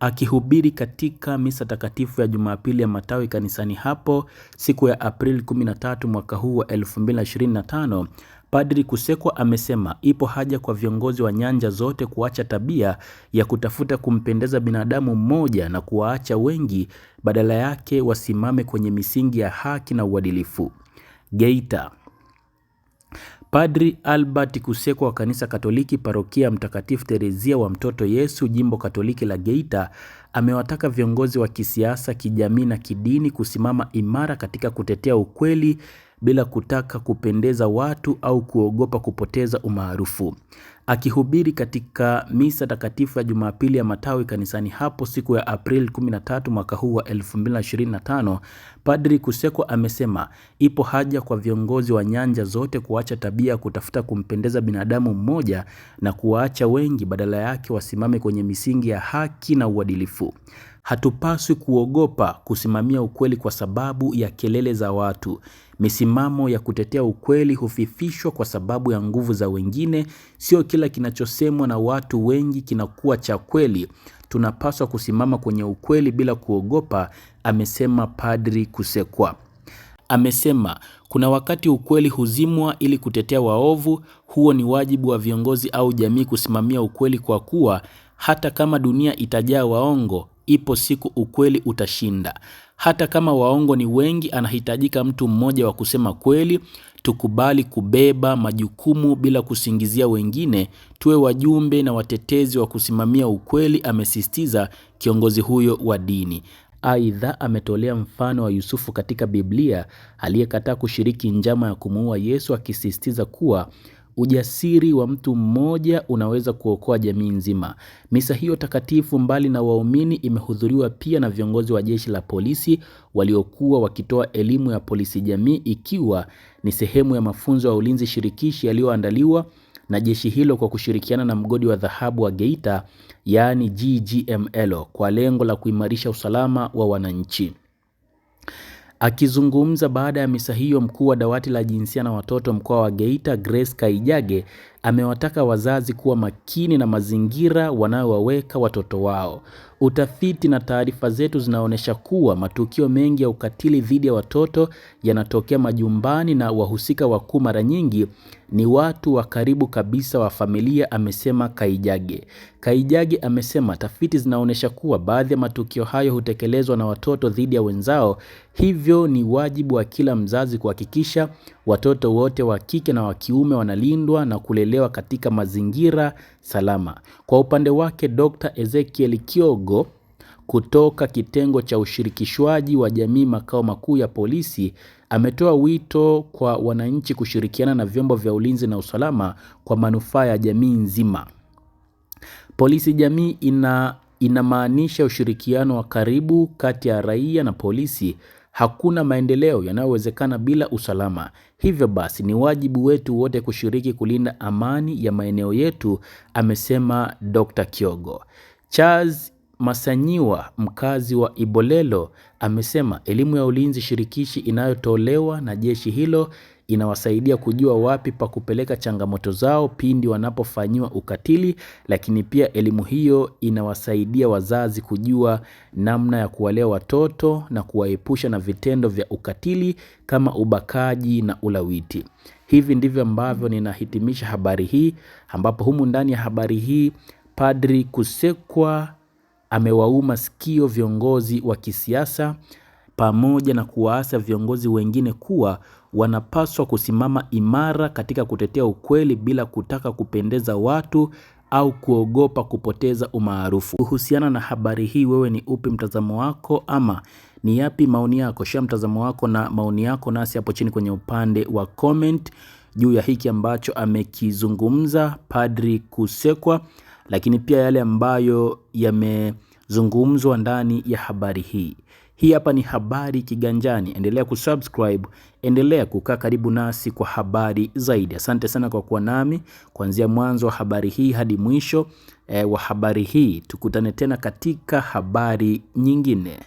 Akihubiri katika misa takatifu ya Jumapili ya Matawi kanisani hapo siku ya Aprili 13 mwaka huu wa 2025, Padri Kusekwa amesema ipo haja kwa viongozi wa nyanja zote kuacha tabia ya kutafuta kumpendeza binadamu mmoja na kuwaacha wengi, badala yake wasimame kwenye misingi ya haki na uadilifu. Geita Padri Albert Kusekwa wa Kanisa Katoliki Parokia Mtakatifu Terezia wa Mtoto Yesu Jimbo Katoliki la Geita amewataka viongozi wa kisiasa, kijamii na kidini kusimama imara katika kutetea ukweli bila kutaka kupendeza watu au kuogopa kupoteza umaarufu. Akihubiri katika misa takatifu ya Jumapili ya Matawi kanisani hapo siku ya Aprili 13 mwaka huu wa 2025, Padri Kuseko amesema ipo haja kwa viongozi wa nyanja zote kuacha tabia ya kutafuta kumpendeza binadamu mmoja na kuwaacha wengi, badala yake wasimame kwenye misingi ya haki na uadilifu. Hatupaswi kuogopa kusimamia ukweli kwa sababu ya kelele za watu. Misimamo ya kutetea ukweli hufifishwa kwa sababu ya nguvu za wengine, sio kila kinachosemwa na watu wengi kinakuwa cha kweli. Tunapaswa kusimama kwenye ukweli bila kuogopa, amesema Padri Kusekwa. Amesema kuna wakati ukweli huzimwa ili kutetea waovu. Huo ni wajibu wa viongozi au jamii kusimamia ukweli, kwa kuwa hata kama dunia itajaa waongo, ipo siku ukweli utashinda. Hata kama waongo ni wengi, anahitajika mtu mmoja wa kusema kweli. Tukubali kubeba majukumu bila kusingizia wengine, tuwe wajumbe na watetezi wa kusimamia ukweli, amesisitiza kiongozi huyo wa dini. Aidha, ametolea mfano wa Yusufu katika Biblia aliyekataa kushiriki njama ya kumuua Yesu, akisisitiza kuwa Ujasiri wa mtu mmoja unaweza kuokoa jamii nzima. Misa hiyo takatifu, mbali na waumini, imehudhuriwa pia na viongozi wa jeshi la polisi waliokuwa wakitoa elimu ya polisi jamii, ikiwa ni sehemu ya mafunzo ya ulinzi shirikishi yaliyoandaliwa na jeshi hilo kwa kushirikiana na mgodi wa dhahabu wa Geita, yaani GGML, kwa lengo la kuimarisha usalama wa wananchi. Akizungumza baada ya misa hiyo, mkuu wa dawati la jinsia na watoto mkoa wa Geita Grace Kaijage amewataka wazazi kuwa makini na mazingira wanayowaweka watoto wao. Utafiti na taarifa zetu zinaonyesha kuwa matukio mengi ya ukatili dhidi ya watoto yanatokea majumbani na wahusika wakuu mara nyingi ni watu wa karibu kabisa wa familia, amesema Kaijage. Kaijage amesema tafiti zinaonyesha kuwa baadhi ya matukio hayo hutekelezwa na watoto dhidi ya wenzao, hivyo ni wajibu wa kila mzazi kuhakikisha watoto wote wa kike na wa kiume wanalindwa na kulelewa kupokelewa katika mazingira salama. Kwa upande wake, Dr. Ezekiel Kiogo kutoka kitengo cha ushirikishwaji wa jamii makao makuu ya polisi ametoa wito kwa wananchi kushirikiana na vyombo vya ulinzi na usalama kwa manufaa ya jamii nzima. Polisi jamii ina inamaanisha ushirikiano wa karibu kati ya raia na polisi Hakuna maendeleo yanayowezekana bila usalama. Hivyo basi ni wajibu wetu wote kushiriki kulinda amani ya maeneo yetu, amesema Dr. Kyogo. Charles Masanyiwa, mkazi wa Ibolelo, amesema elimu ya ulinzi shirikishi inayotolewa na jeshi hilo inawasaidia kujua wapi pa kupeleka changamoto zao pindi wanapofanyiwa ukatili, lakini pia elimu hiyo inawasaidia wazazi kujua namna ya kuwalea watoto na kuwaepusha na vitendo vya ukatili kama ubakaji na ulawiti. Hivi ndivyo ambavyo ninahitimisha habari hii, ambapo humu ndani ya habari hii Padri Kusekwa amewauma sikio viongozi wa kisiasa pamoja na kuwaasa viongozi wengine kuwa wanapaswa kusimama imara katika kutetea ukweli bila kutaka kupendeza watu au kuogopa kupoteza umaarufu. Kuhusiana na habari hii, wewe ni upi mtazamo wako ama ni yapi maoni yako? Share mtazamo wako na maoni yako nasi hapo chini kwenye upande wa comment juu ya hiki ambacho amekizungumza Padri Kusekwa, lakini pia yale ambayo yamezungumzwa ndani ya habari hii. Hii hapa ni Habari Kiganjani. Endelea kusubscribe, endelea kukaa karibu nasi kwa habari zaidi. Asante sana kwa kuwa nami kuanzia mwanzo wa habari hii hadi mwisho e, wa habari hii. Tukutane tena katika habari nyingine.